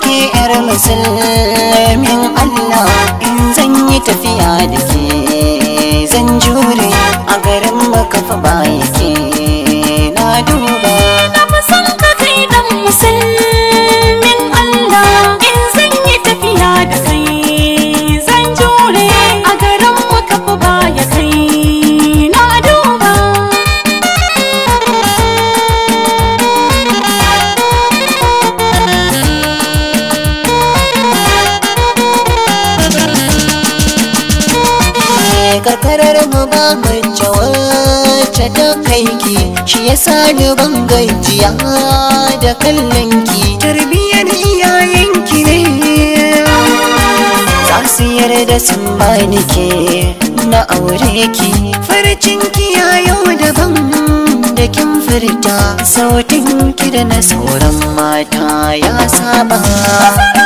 ke yar musulmin Allah in zan yi tafiya da ke karar mu ba mace wacce ta kai ki shi yasa ni ban gajiya da kallon ki tarbiyyar iyayen ki ne za su yarda sun ke na aure ki farcin ki ya yau daban da kin furta sautin ki da na sauran mata ya saba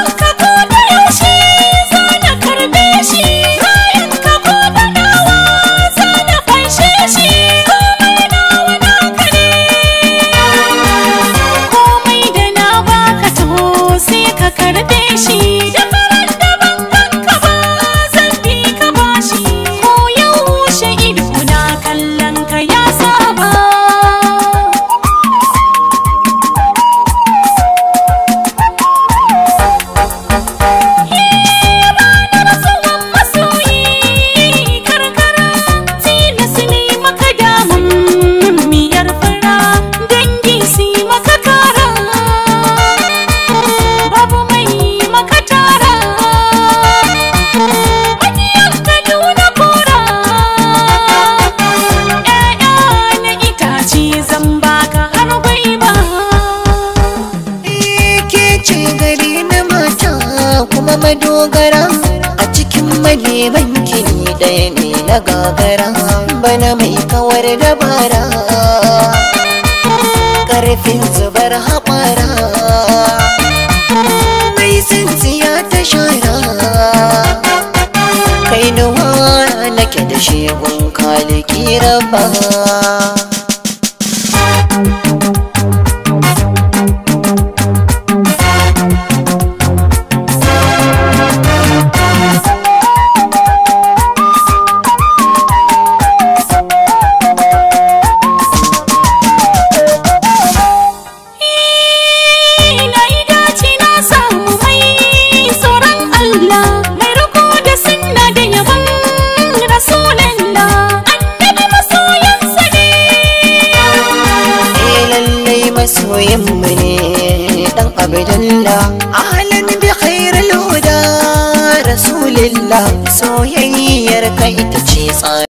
madogara a cikin maleban kini ɗaya ne na gagara bana mai kawar dabara ƙarfin zubar haɓara mai ya ta shara kai na nake da shegun kaliki ba أهلا بخير الهدى رسول الله سويا يركيت